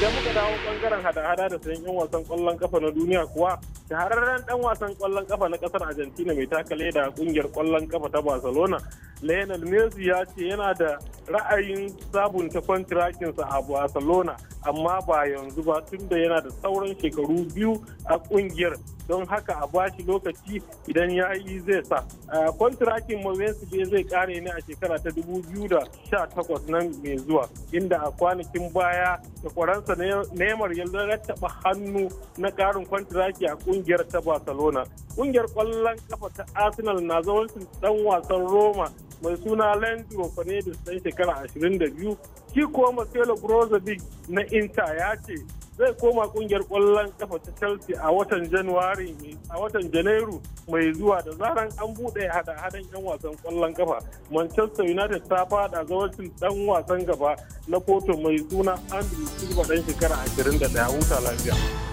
idan muka dawo bangaren hada-hada da sayan yan wasan kwallon kafa na duniya kuwa shahararren dan wasan kwallon kafa na kasar argentina mai taka leda kungiyar kwallon kafa ta barcelona lionel messi ya ce yana da ra'ayin sabunta kwantirakinsa a barcelona amma ba yanzu ba tun da yana da sauran shekaru biyu a kungiyar don haka a bashi lokaci idan ya yi zai sa kwantirakin mawesbe zai kare ne a shekara ta 2018 nan mai zuwa inda a kwanakin baya takwaransa neymar ya rattaba hannu na karin kwantiraki a kungiyar ta barcelona kungiyar kwallon kafa ta arsenal na zawancin dan wasan roma mai suna Lenz Rofanedo ɗan shekara 22 shi kuwa Marcelo Brozovic na Inter ya ce zai koma kungiyar kwallon kafa ta Chelsea a watan Januari a watan Janairu mai zuwa da zaran an buɗe hada-hadan yan wasan kwallon kafa. Manchester United ta fada zawarcin ɗan wasan gaba na kotu mai suna Andrew Silva dan shekara 21 huta lafiya.